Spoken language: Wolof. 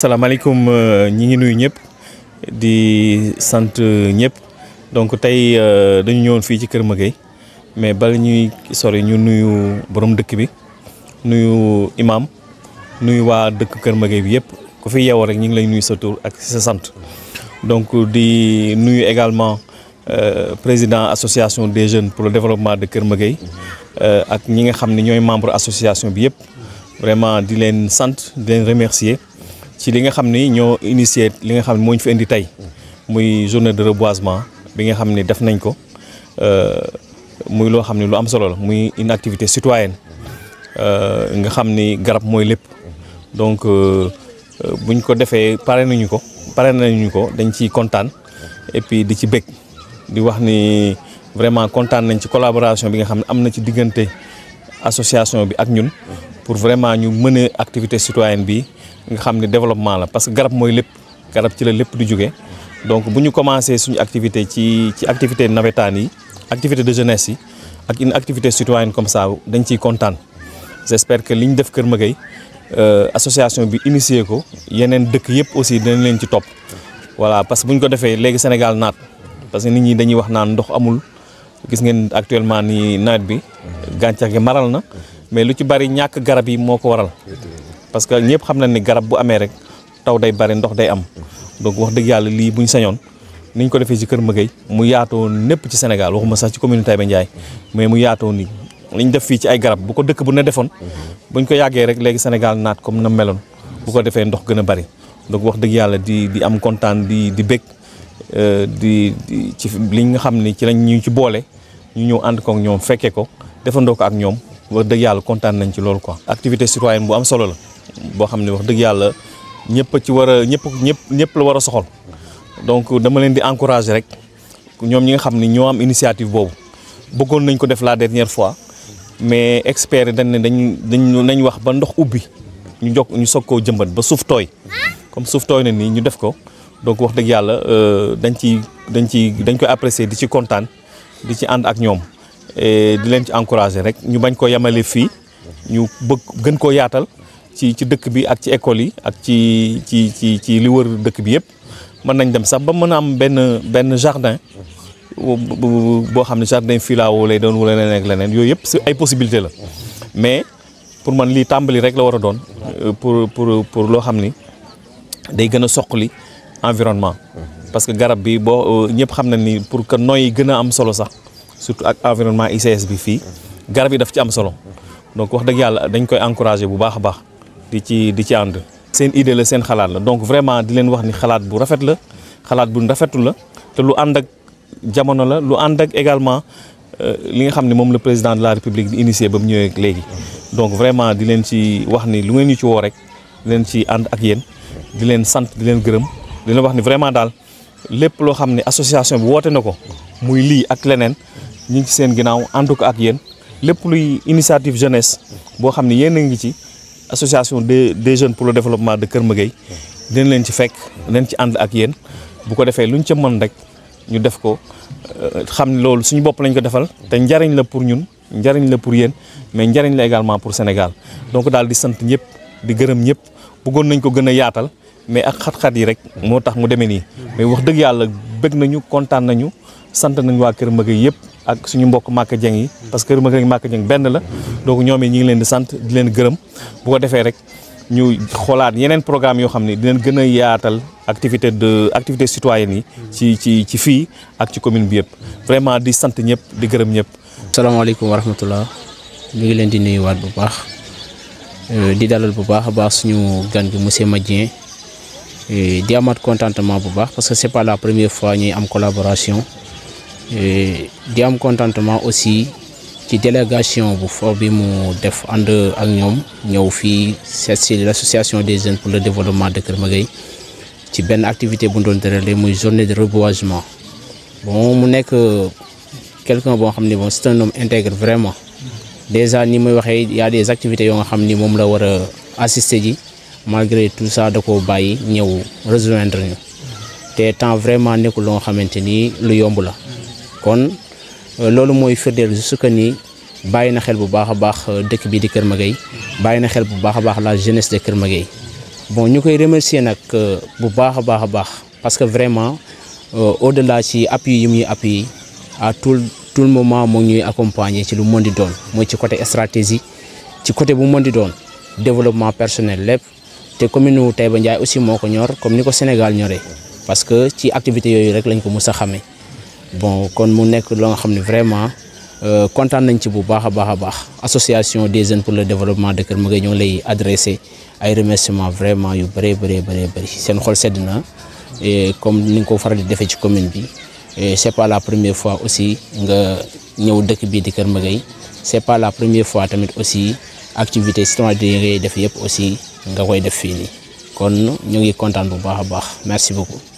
Salam euh, ñi nous sommes di euh, donc sommes euh, dañu mais nous sommes sori ñu nuyu Nous sommes imam nuyu wa de donc également président association des jeunes pour le développement de Kër Nous sommes membres de l'association, association vraiment remercier ci li nga xam ni ñoo initié li nga xam ne moo fi indi tey muy journée de reboisement bi nga xam ni def nañ ko euh, muy loo xam ni lu am solo la muy une activité citoyenne euh, nga xam ni garab mooy lépp donc euh, buñ ko defee pare nañu ko pare nañu ko dañ ciy kontaan et puis di ci bëgg di wax ni vraiment kontaan nañ ci collaboration bi nga xam ne am na ci diggante association bi ak ñun pour vraiment ñu mën activité citoyenne bi nga xam ne développement la parce que garab mooy lépp garab ci la lépp di jóge donc bu ñu commencé suñu activité ci ci activité nawetaan yi activité de jeunesse yi ak une activité citoyenne comme ça dañ ciy kontaan j'espère que li ñu def Kër Magueye euh, association bi initié ko yeneen dëkk yëpp aussi dinañ leen ci topp voilà parce que bu ñu ko defee léegi Sénégal naat parce que nit ñi dañuy wax naan ndox amul gis ngeen actuellement ni nawet bi gàncax gi maral na mais lu ci bari ñàkk garab yi moo ko waral parce que ñëpp xam nañ ni garab bu amee rek taw day bari ndox day am donc wax dëgg yàlla lii buñ sañoon niñ ko defee ci Kër Mëgëy mu yaatoo népp ci Sénégal waxuma sax ci commune Taïba Ndiaye mais mu yaatoo ni liñ def fii ci ay garab bu ko dëkk bu ne defoon bu buñ ko yàggee rek léegi Sénégal naat comme na meloon bu ko defee ndox gën a bari donc wax dëgg yàlla di di am kontaan di di bëgg euh, di ci li nga xam ni ci lañ ñu ci boole ñu ñëw ànd ko ak ñoom fekkee ko defandoo ko ak ñoom wax dëgg yàlla kontaan nañ ci loolu quoi. activité citoyenne bu am solo la boo xam ne wax dëgg yàlla ñëpp ci war a ñëpp ñëpp ñëpp la war a soxal donc dama leen di encourager rek ñoom ñi nga xam ni ñoo am initiative boobu bëggoon nañ ko def la dernière fois mais experts dañ ne dañ dañ nañ wax ba ndox ubbi ñu jokk ñu soog koo jëmbat ba suuf tooy comme suuf tooy na nii ñu def ko donc wax dëgg yàlla euh, dañ ci dañ ci dañ koy apprécier di ci kontaan di ci ànd ak ñoom. di leen ci encouragé rek ñu bañ koo yemale fii ñu bëgg gën koo yaatal ci ci dëkk bi ak ci école yi ak ci ci ci ci li wër dëkk bi yëpp mën nañ dem sax ba mën a am benn benn jardin boo xam ne jardin filao lay doon wala leneen ak leneen yooyu yëpp si ay possibilité la mais pour man lii tàmbali rek la war a doon euh, pour pour pour loo xam ni day gën a soqali environnement parce que garab bi boo euh, ñëpp xam na ni pour que noy gën a am solo sax surtout ak environnement ICS bi fii garab yi daf ci am solo donc wax dëgg yàlla dañ koy encourager bu baax a baax di ci di ci ànd. seen idée la seen xalaat la donc vraiment di leen wax ni xalaat bu rafet la xalaat bu rafetu la te lu ànd ak jamono la lu ànd ak également euh, li nga xam ne moom le président la république di initier ba mu ñëwee léegi. donc vraiment di leen ci wax ni lu ngeen ñu ci woo rek di leen ci ànd ak yéen di leen sant di leen gërëm di leen wax ni vraiment daal lépp loo xam ne association bi woote na ko muy lii ak leneen. ñi ci seen ginaaw ànd ko ak yeen lepp luy initiative jeunesse bo xamni yeen ngi ci association des des jeunes pour le développement de Kër Maguey dañ leen ci fekk dañ ci and ak yeen bu ko defee luñ ci mën rek ñu def ko euh, xamni lool suñu bop lañ ko defal te njariñ la pour ñun njariñ la pour yeen mais njariñ la également pour Sénégal donc dal di sant ñepp di gërëm ñëpp bëggoon nañ ko gëna yaatal mais ak xat-xat yi rek motax mu démé ni mais wax deug yalla bëgg nañu contane nañu sant nañ wa Kër Maguey yépp ak suñu mbokk makka jeng yi parce que Kër makka jeng benn la donc ñoomi ñi ngi leen di sante di leen gëreum bu ko defee rek ñu xolaat yeneen programme yo xamni di leen gëna yaatal activité de activité citoyenne yi ci ci ci fi ak ci commune bi yépp vraiment di sante ñëpp di gëreum ñëpp assalamu alaykum wa rahmatullah ñu ngi leen di nuyu waat bu baax euh, di dalal bu baax a baax suñu gan gi monsieur Madien di amat contentement bu baax parce que c'est pas la première fois ñuy am collaboration di am contentement aussi ci délégation bu for bi mu def ànd ak ñom ñëw fi seet l'association des jeunes pour le développement de Kermagay ci ben activité bu ndon doon muy journée de reboisement bon mu nek quelqu'un bo xamni bon c'est un homme intègre vraiment déjà ni muy il y a des activités yo xamni mom la wara assister ji malgré tout ça da koo bàyyi ñëw rejoindre ñu te temps vraiment nekkul lo xamanteni lu yomb la kon euh, loolu moy firndeel su que ni, bàyyi xel bu baax a baax euh, dëkk bi di Kër Magueye bàyyi xel bu baax baax la jeunesse de Kër bon ñukay remercier nak euh, bu baax a baax parce que vraiment au delà ci appui yi muy appui à tout tout le moment mo ñuy accompagner ci lu mën doon moy ci côté stratégie ci côté bu mën doon développement personnel lépp té commune wu Taïba aussi moko ñor comme niko Sénégal ñoré parce que ci activité yoyu rek lañ ko mus xamé bon kon mu nek lo nga xam ne vraiment content euh, nañ ci bu baax a baax association des jeunes pour le développement de Kër Magueye ñoo lay adresser ay remerciements vraiment yu bëree bëree bëree bëri seen xol sedna et comme ni nga ko faral di ci commune bi c'est pas la première fois aussi nga ñëw dëkk bi di Kër c'est pas la première fois tamit aussi activité citoyenne yi ngay def yépp aussi nga koy def fii nii kon ñu ngi content bu baax baax merci beaucoup.